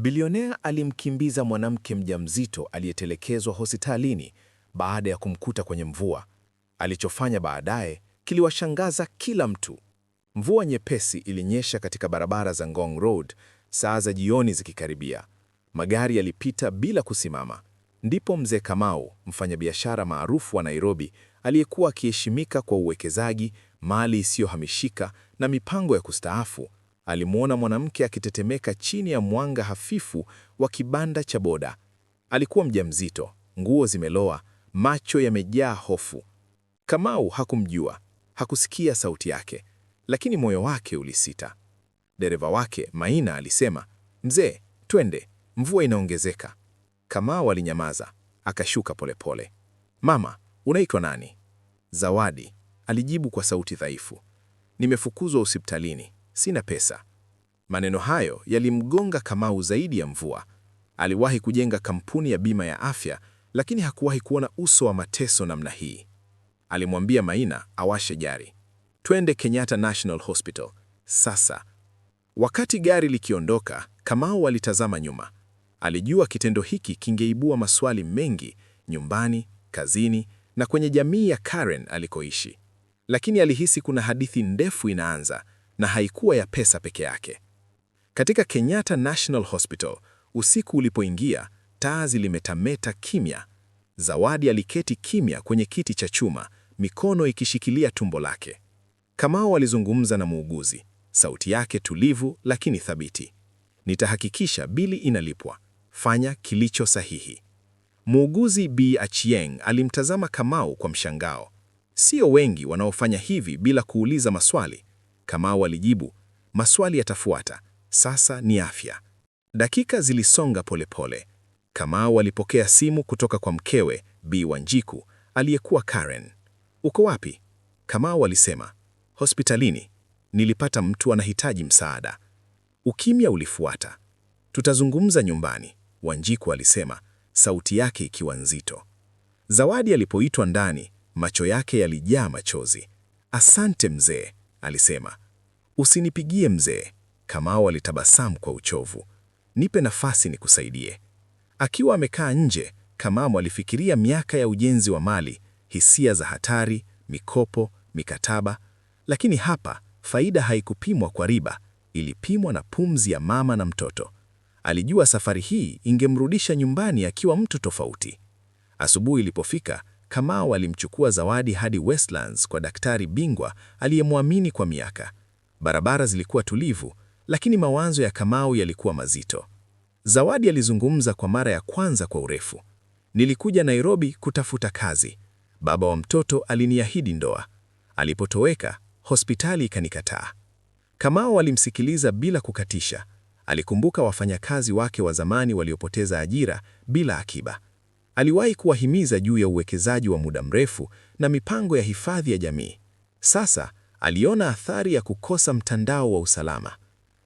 Bilionea alimkimbiza mwanamke mjamzito aliyetelekezwa hospitalini baada ya kumkuta kwenye mvua. Alichofanya baadaye kiliwashangaza kila mtu. Mvua nyepesi ilinyesha katika barabara za Ngong Road, saa za jioni zikikaribia. Magari yalipita bila kusimama. Ndipo mzee Kamau, mfanyabiashara maarufu wa Nairobi, aliyekuwa akiheshimika kwa uwekezaji, mali isiyohamishika na mipango ya kustaafu, alimwona mwanamke akitetemeka chini ya mwanga hafifu wa kibanda cha boda. Alikuwa mjamzito, nguo zimeloa, macho yamejaa hofu. Kamau hakumjua, hakusikia sauti yake, lakini moyo wake ulisita. Dereva wake Maina alisema, mzee, twende, mvua inaongezeka. Kamau alinyamaza, akashuka polepole pole. Mama, unaitwa nani? Zawadi, alijibu kwa sauti dhaifu. Nimefukuzwa hospitalini, sina pesa. Maneno hayo yalimgonga Kamau zaidi ya mvua. Aliwahi kujenga kampuni ya bima ya afya, lakini hakuwahi kuona uso wa mateso namna hii. Alimwambia Maina awashe gari, twende Kenyatta National Hospital sasa. Wakati gari likiondoka, Kamau alitazama nyuma. Alijua kitendo hiki kingeibua maswali mengi nyumbani, kazini na kwenye jamii ya Karen alikoishi, lakini alihisi kuna hadithi ndefu inaanza na haikuwa ya pesa peke yake. Katika Kenyatta National Hospital, usiku ulipoingia, taa zilimetameta kimya. Zawadi aliketi kimya kwenye kiti cha chuma, mikono ikishikilia tumbo lake. Kamau alizungumza na muuguzi, sauti yake tulivu lakini thabiti. Nitahakikisha bili inalipwa, fanya kilicho sahihi. Muuguzi Bi Achieng alimtazama Kamau kwa mshangao. Sio wengi wanaofanya hivi bila kuuliza maswali, Kamau alijibu, maswali yatafuata, sasa ni afya. Dakika zilisonga polepole. Kamau alipokea simu kutoka kwa mkewe Bi Wanjiku aliyekuwa Karen. Uko wapi? Kamau alisema, hospitalini. Nilipata mtu anahitaji msaada. Ukimya ulifuata. Tutazungumza nyumbani, Wanjiku alisema, sauti yake ikiwa nzito. Zawadi alipoitwa ndani, macho yake yalijaa machozi. Asante mzee alisema. Usinipigie mzee, Kamau alitabasamu kwa uchovu. Nipe nafasi nikusaidie. Akiwa amekaa nje, Kamau alifikiria miaka ya ujenzi wa mali, hisia za hatari, mikopo, mikataba, lakini hapa faida haikupimwa kwa riba, ilipimwa na pumzi ya mama na mtoto. Alijua safari hii ingemrudisha nyumbani akiwa mtu tofauti. Asubuhi ilipofika Kamau alimchukua Zawadi hadi Westlands kwa daktari bingwa aliyemwamini kwa miaka. Barabara zilikuwa tulivu, lakini mawazo ya Kamau yalikuwa mazito. Zawadi alizungumza kwa mara ya kwanza kwa urefu. Nilikuja Nairobi kutafuta kazi. Baba wa mtoto aliniahidi ndoa. Alipotoweka, hospitali ikanikataa. Kamau alimsikiliza bila kukatisha. Alikumbuka wafanyakazi wake wa zamani waliopoteza ajira bila akiba. Aliwahi kuwahimiza juu ya uwekezaji wa muda mrefu na mipango ya hifadhi ya jamii. Sasa aliona athari ya kukosa mtandao wa usalama.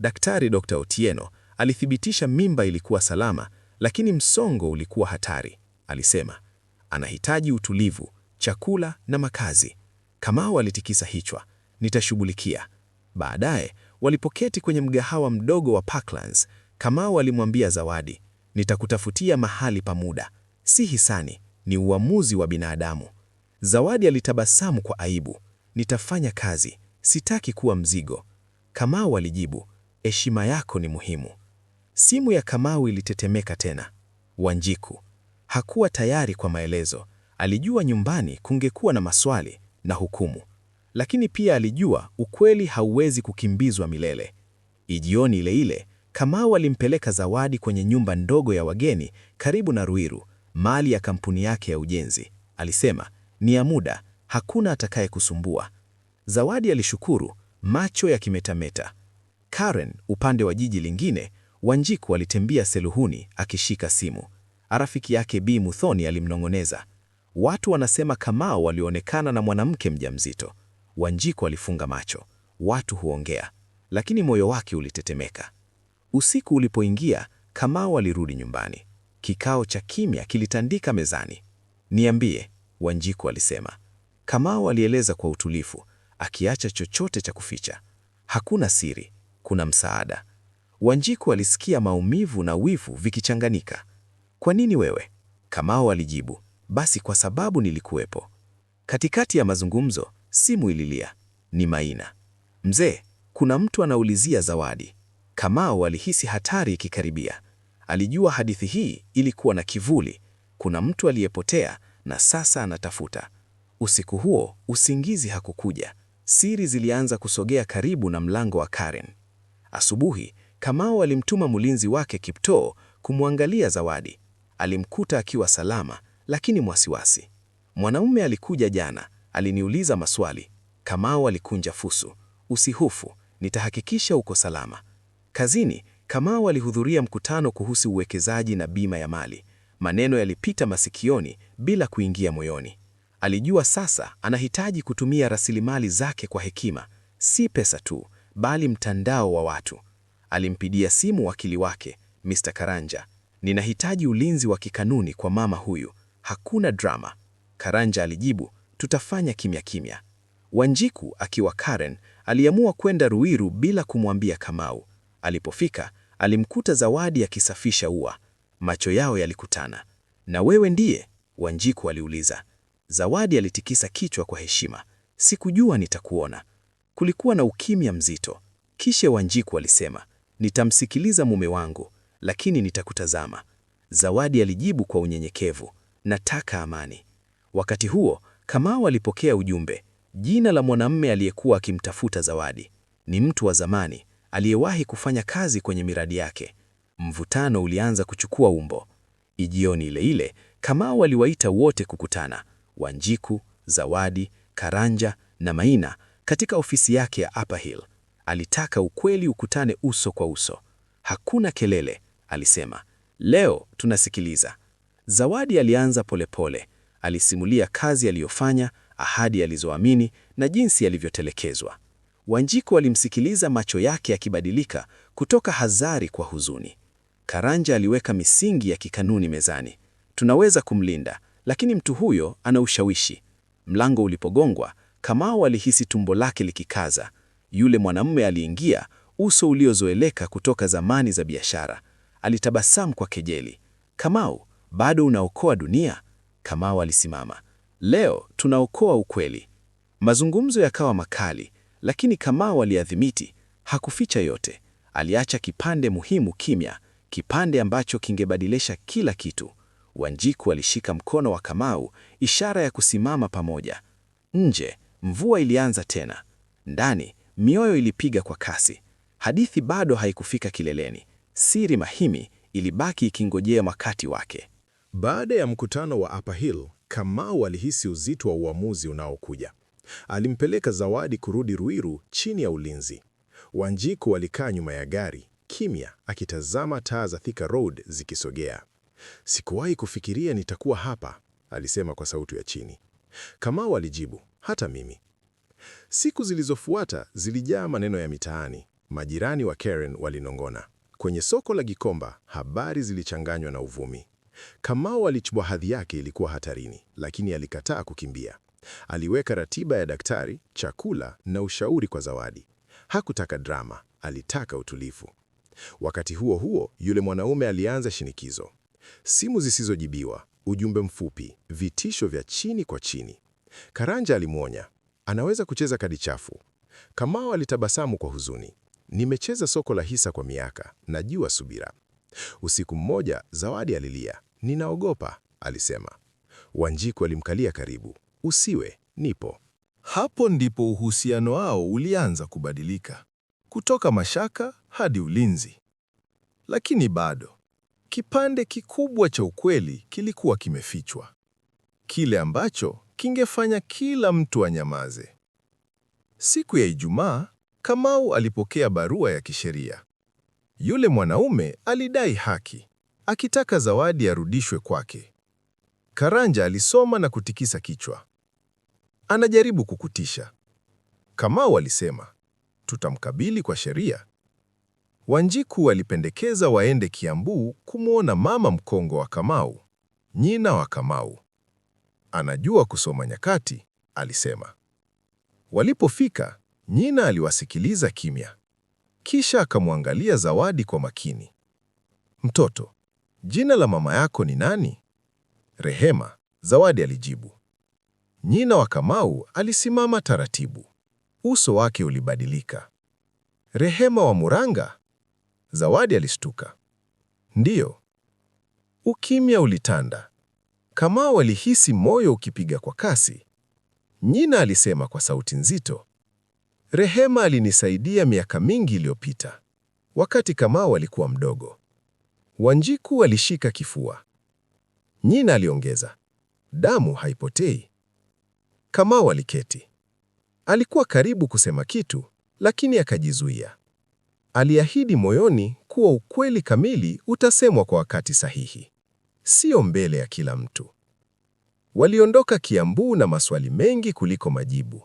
Daktari Dr. Otieno alithibitisha mimba ilikuwa salama, lakini msongo ulikuwa hatari. Alisema anahitaji utulivu, chakula na makazi. Kamau alitikisa hichwa, nitashughulikia. Baadaye walipoketi kwenye mgahawa mdogo wa Parklands, Kamau alimwambia Zawadi, nitakutafutia mahali pa muda si hisani, ni uamuzi wa binadamu. Zawadi alitabasamu kwa aibu. Nitafanya kazi, sitaki kuwa mzigo. Kamau alijibu, heshima yako ni muhimu. Simu ya Kamau ilitetemeka tena. Wanjiku hakuwa tayari kwa maelezo. Alijua nyumbani kungekuwa na maswali na hukumu, lakini pia alijua ukweli hauwezi kukimbizwa milele. Ijioni ile ile Kamau alimpeleka Zawadi kwenye nyumba ndogo ya wageni karibu na Ruiru mali ya kampuni yake ya ujenzi. Alisema ni ya muda, hakuna atakaye kusumbua Zawadi alishukuru, macho yakimetameta. Karen, upande wa jiji lingine, Wanjiku alitembea seluhuni akishika simu. Rafiki yake Bi Muthoni alimnong'oneza, watu wanasema Kamau walionekana na mwanamke mjamzito. Wanjiku alifunga macho. Watu huongea, lakini moyo wake ulitetemeka. Usiku ulipoingia, Kamau alirudi nyumbani. Kikao cha kimya kilitandika mezani. Niambie, Wanjiku alisema. Kamau alieleza kwa utulivu, akiacha chochote cha kuficha. Hakuna siri, kuna msaada. Wanjiku alisikia maumivu na wivu vikichanganika Kwa nini wewe? Kamau alijibu, basi kwa sababu nilikuwepo. Katikati ya mazungumzo, simu ililia. Ni Maina. Mzee, kuna mtu anaulizia zawadi. Kamau alihisi hatari ikikaribia. Alijua hadithi hii ilikuwa na kivuli. Kuna mtu aliyepotea na sasa anatafuta. Usiku huo usingizi hakukuja. Siri zilianza kusogea karibu na mlango wa Karen. Asubuhi Kamau alimtuma mlinzi wake Kiptoo kumwangalia Zawadi. Alimkuta akiwa salama, lakini mwasiwasi. Mwanaume alikuja jana, aliniuliza maswali. Kamau alikunja fusu Usihofu, nitahakikisha uko salama. Kazini Kamau alihudhuria mkutano kuhusu uwekezaji na bima ya mali. Maneno yalipita masikioni bila kuingia moyoni. Alijua sasa anahitaji kutumia rasilimali zake kwa hekima, si pesa tu, bali mtandao wa watu. Alimpigia simu wakili wake Mr. Karanja. Ninahitaji ulinzi wa kikanuni kwa mama huyu, hakuna drama. Karanja alijibu, tutafanya kimya kimya. Wanjiku akiwa Karen aliamua kwenda Ruiru bila kumwambia Kamau. Alipofika alimkuta Zawadi akisafisha ua. Macho yao yalikutana. na wewe ndiye? Wanjiku aliuliza. Zawadi alitikisa kichwa kwa heshima. Sikujua nitakuona. Kulikuwa na ukimya mzito. Kisha Wanjiku alisema, nitamsikiliza mume wangu, lakini nitakutazama. Zawadi alijibu kwa unyenyekevu, nataka amani. Wakati huo Kamau alipokea ujumbe, jina la mwanamme aliyekuwa akimtafuta Zawadi. Ni mtu wa zamani, aliyewahi kufanya kazi kwenye miradi yake. Mvutano ulianza kuchukua umbo. Ijioni ile ile Kamau aliwaita wote kukutana, Wanjiku, Zawadi, Karanja na Maina katika ofisi yake ya Upper Hill. Alitaka ukweli ukutane uso kwa uso. Hakuna kelele, alisema. Leo tunasikiliza. Zawadi alianza polepole pole. Alisimulia kazi aliyofanya, ahadi alizoamini na jinsi alivyotelekezwa. Wanjiku alimsikiliza, macho yake yakibadilika kutoka hazari kwa huzuni. Karanja aliweka misingi ya kikanuni mezani. Tunaweza kumlinda, lakini mtu huyo ana ushawishi. Mlango ulipogongwa, Kamau alihisi tumbo lake likikaza. Yule mwanamume aliingia, uso uliozoeleka kutoka zamani za biashara. Alitabasamu kwa kejeli. Kamau, bado unaokoa dunia? Kamau alisimama. Leo tunaokoa ukweli. Mazungumzo yakawa makali. Lakini Kamau aliadhimiti, hakuficha yote. Aliacha kipande muhimu kimya, kipande ambacho kingebadilisha kila kitu. Wanjiku alishika mkono wa Kamau, ishara ya kusimama pamoja. Nje mvua ilianza tena, ndani mioyo ilipiga kwa kasi. Hadithi bado haikufika kileleni, siri mahimi ilibaki ikingojea wakati wake. Baada ya mkutano wa Upper Hill, Kamau alihisi uzito wa uamuzi unaokuja. Alimpeleka Zawadi kurudi Ruiru chini ya ulinzi. Wanjiku walikaa nyuma ya gari kimya, akitazama taa za Thika Road zikisogea. Sikuwahi kufikiria nitakuwa hapa, alisema kwa sauti ya chini. Kamau alijibu, hata mimi. Siku zilizofuata zilijaa maneno ya mitaani. Majirani wa Karen walinongona. Kwenye soko la Gikomba habari zilichanganywa na uvumi. Kamau alichubwa, hadhi yake ilikuwa hatarini, lakini alikataa kukimbia. Aliweka ratiba ya daktari, chakula na ushauri kwa Zawadi. Hakutaka drama, alitaka utulivu. Wakati huo huo, yule mwanaume alianza shinikizo: simu zisizojibiwa, ujumbe mfupi, vitisho vya chini kwa chini. Karanja alimwonya, anaweza kucheza kadi chafu. kamao alitabasamu kwa huzuni, nimecheza soko la hisa kwa miaka, najua subira. Usiku mmoja Zawadi alilia, ninaogopa, alisema. Wanjiku alimkalia karibu, usiwe, nipo. Hapo ndipo uhusiano wao ulianza kubadilika kutoka mashaka hadi ulinzi. Lakini bado kipande kikubwa cha ukweli kilikuwa kimefichwa, kile ambacho kingefanya kila mtu anyamaze. Siku ya Ijumaa, Kamau alipokea barua ya kisheria. Yule mwanaume alidai haki, akitaka zawadi arudishwe kwake. Karanja alisoma na kutikisa kichwa anajaribu kukutisha. Kamau alisema tutamkabili kwa sheria. Wanjiku alipendekeza waende Kiambu kumwona mama mkongo wa Kamau, nyina wa Kamau. Anajua kusoma nyakati, alisema. Walipofika, nyina aliwasikiliza kimya, kisha akamwangalia Zawadi kwa makini. Mtoto, jina la mama yako ni nani? Rehema, Zawadi alijibu nyina wa Kamau alisimama taratibu, uso wake ulibadilika. Rehema wa Muranga? Zawadi alistuka. Ndiyo. Ukimya ulitanda. Kamau alihisi moyo ukipiga kwa kasi. nyina alisema kwa sauti nzito, Rehema alinisaidia miaka mingi iliyopita, wakati Kamau alikuwa mdogo. Wanjiku alishika kifua. nyina aliongeza, damu haipotei. Kamau aliketi. Alikuwa karibu kusema kitu, lakini akajizuia. Aliahidi moyoni kuwa ukweli kamili utasemwa kwa wakati sahihi, sio mbele ya kila mtu. Waliondoka Kiambu na maswali mengi kuliko majibu.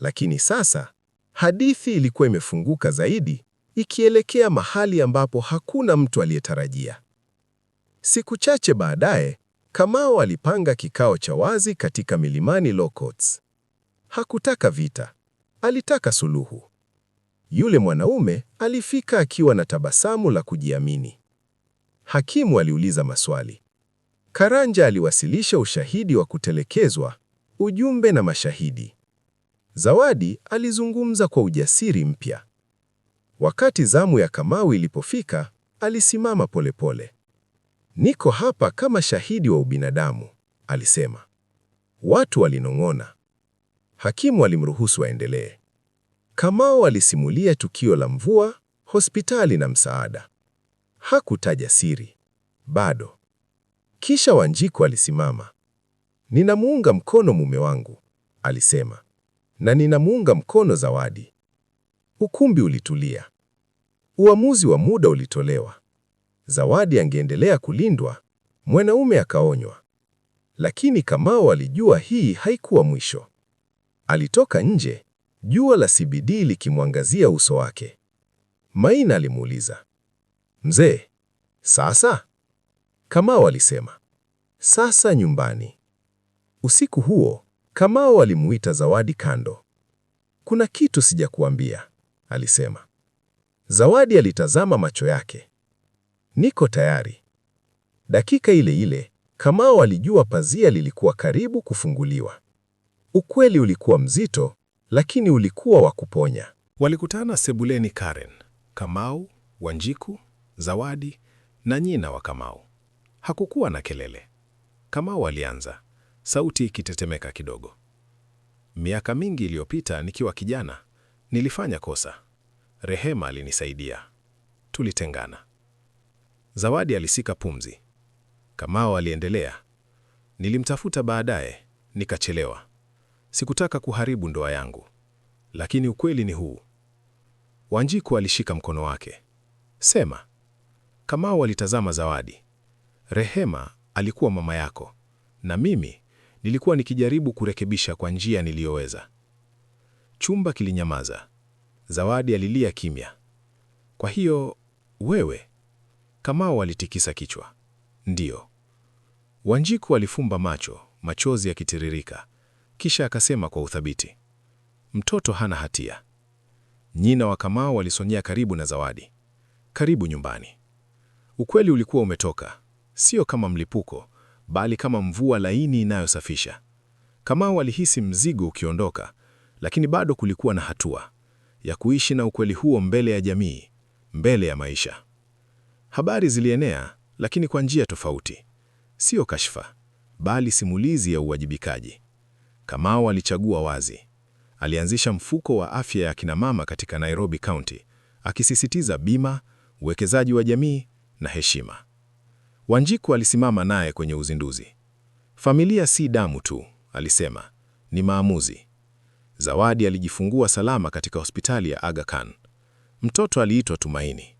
Lakini sasa hadithi ilikuwa imefunguka zaidi, ikielekea mahali ambapo hakuna mtu aliyetarajia. Siku chache baadaye, Kamau alipanga kikao cha wazi katika milimani Lokots. Hakutaka vita, alitaka suluhu. Yule mwanaume alifika akiwa na tabasamu la kujiamini. Hakimu aliuliza maswali. Karanja aliwasilisha ushahidi wa kutelekezwa, ujumbe na mashahidi. Zawadi alizungumza kwa ujasiri mpya. Wakati zamu ya Kamau ilipofika, alisimama polepole. Niko hapa kama shahidi wa ubinadamu, alisema. Watu walinong'ona. Hakimu alimruhusu aendelee. Kamau alisimulia tukio la mvua, hospitali na msaada. Hakutaja siri bado. Kisha Wanjiku alisimama. Ninamuunga mkono mume wangu, alisema, na ninamuunga mkono Zawadi. Ukumbi ulitulia. Uamuzi wa muda ulitolewa. Zawadi angeendelea kulindwa, mwanaume akaonywa. Lakini Kamau alijua hii haikuwa mwisho. Alitoka nje, jua la CBD likimwangazia uso wake. Maina alimuuliza, mzee, sasa? Kamau alisema, sasa nyumbani. Usiku huo Kamau alimuita Zawadi kando. Kuna kitu sijakuambia, alisema. Zawadi alitazama macho yake, niko tayari. Dakika ile ile Kamau alijua pazia lilikuwa karibu kufunguliwa. Ukweli ulikuwa mzito, lakini ulikuwa wa kuponya. Walikutana sebuleni Karen, Kamau, Wanjiku, Zawadi na Nyina wa Kamau. Hakukuwa na kelele. Kamau alianza, sauti ikitetemeka kidogo. Miaka mingi iliyopita nikiwa kijana, nilifanya kosa. Rehema alinisaidia. Tulitengana. Zawadi alisika pumzi. Kamao aliendelea, nilimtafuta baadaye, nikachelewa. Sikutaka kuharibu ndoa yangu, lakini ukweli ni huu. Wanjiku alishika mkono wake. Sema. Kamao alitazama Zawadi. Rehema alikuwa mama yako, na mimi nilikuwa nikijaribu kurekebisha kwa njia niliyoweza. Chumba kilinyamaza. Zawadi alilia kimya. Kwa hiyo wewe Kamau alitikisa kichwa. Ndiyo. Wanjiku alifumba macho, machozi yakitiririka, kisha akasema kwa uthabiti, mtoto hana hatia. Nyina wa Kamau walisonyea karibu na Zawadi, karibu nyumbani. Ukweli ulikuwa umetoka, sio kama mlipuko, bali kama mvua laini inayosafisha. Kamau alihisi mzigo ukiondoka, lakini bado kulikuwa na hatua ya kuishi na ukweli huo mbele ya jamii, mbele ya maisha. Habari zilienea, lakini kwa njia tofauti, sio kashfa, bali simulizi ya uwajibikaji. Kamau alichagua wazi. Alianzisha mfuko wa afya ya kina mama katika Nairobi County, akisisitiza bima, uwekezaji wa jamii na heshima. Wanjiku alisimama naye kwenye uzinduzi. Familia si damu tu, alisema, ni maamuzi. Zawadi alijifungua salama katika hospitali ya Aga Khan. Mtoto aliitwa Tumaini.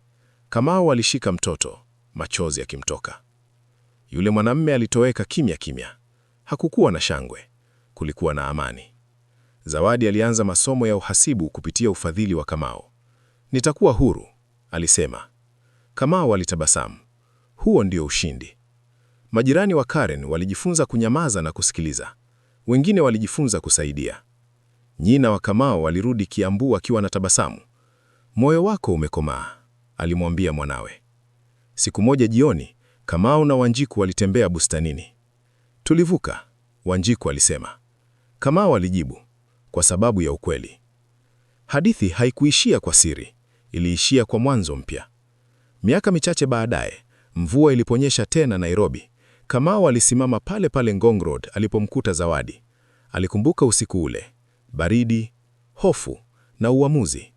Kamau alishika mtoto, machozi yakimtoka. Yule mwanamme alitoweka kimya kimya. Hakukuwa na shangwe, kulikuwa na amani. Zawadi alianza masomo ya uhasibu kupitia ufadhili wa Kamau. Nitakuwa huru, alisema. Kamau alitabasamu. Huo ndio ushindi. Majirani wa Karen walijifunza kunyamaza na kusikiliza. Wengine walijifunza kusaidia. Nyina wa Kamau alirudi Kiambu akiwa na tabasamu. Moyo wako umekomaa alimwambia mwanawe. Siku moja jioni, Kamau na Wanjiku walitembea bustanini. Tulivuka, Wanjiku alisema. Kamau alijibu, kwa sababu ya ukweli. Hadithi haikuishia kwa siri, iliishia kwa mwanzo mpya. Miaka michache baadaye, mvua iliponyesha tena Nairobi. Kamau alisimama pale pale Ngong Road alipomkuta Zawadi. Alikumbuka usiku ule, baridi, hofu na uamuzi.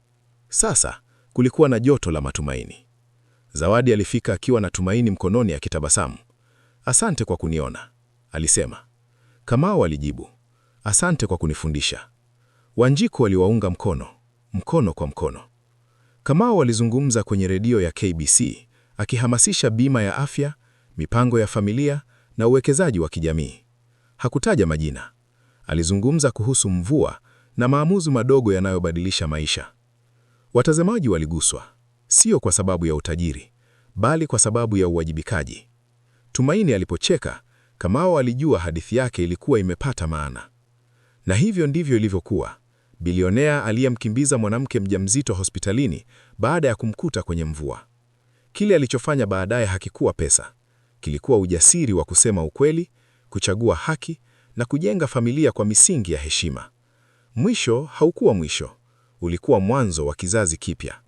Sasa kulikuwa na joto la matumaini. Zawadi alifika akiwa na tumaini mkononi, akitabasamu. Asante kwa kuniona, alisema. Kamao alijibu, asante kwa kunifundisha. Wanjiku waliwaunga mkono, mkono kwa mkono. Kamao alizungumza kwenye redio ya KBC akihamasisha bima ya afya, mipango ya familia na uwekezaji wa kijamii. Hakutaja majina. Alizungumza kuhusu mvua na maamuzi madogo yanayobadilisha maisha. Watazamaji waliguswa, sio kwa sababu ya utajiri, bali kwa sababu ya uwajibikaji. Tumaini alipocheka, Kamau alijua hadithi yake ilikuwa imepata maana. Na hivyo ndivyo ilivyokuwa. Bilionea aliyemkimbiza mwanamke mjamzito hospitalini baada ya kumkuta kwenye mvua. Kile alichofanya baadaye hakikuwa pesa. Kilikuwa ujasiri wa kusema ukweli, kuchagua haki na kujenga familia kwa misingi ya heshima. Mwisho haukuwa mwisho, ulikuwa mwanzo wa kizazi kipya.